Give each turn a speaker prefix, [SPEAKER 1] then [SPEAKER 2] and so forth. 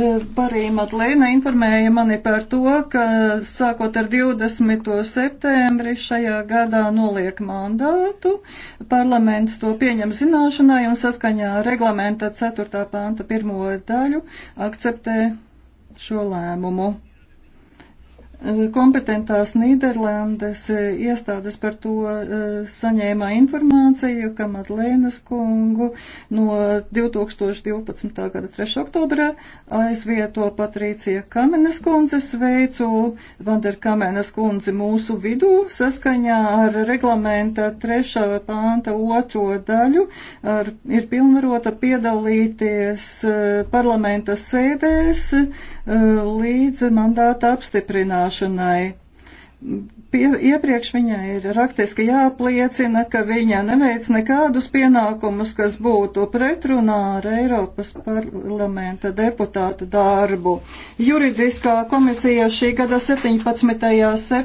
[SPEAKER 1] Eh, Barī Matlēna informēja mani par to, ka sākot ar 20. septembri šajā gadā noliek mandātu. Parlaments to pieņem zināšanai un saskaņā reglamenta 4. panta 1. daļu akceptē šo lēmumu kompetentās Nīderlandes e, iestādes par to e, saņēmā informāciju, ka Madlēnas kungu no 2012. gada 3. oktobrā aizvieto Patricija Kamenes kundze sveicu Vanderkamenes kundzi mūsu vidū saskaņā ar reglamenta 3. pānta otro daļu ar, ir pilnvarota piedalīties e, parlamenta sēdēs līdz mandāta apstiprināšanai apstiprināšanai. Pie, iepriekš viņai ir raktiski jāpliecina, ka viņa neveic nekādus pienākumus, kas būtu pretrunā ar Eiropas parlamenta deputātu darbu. Juridiskā komisija šī gada 17.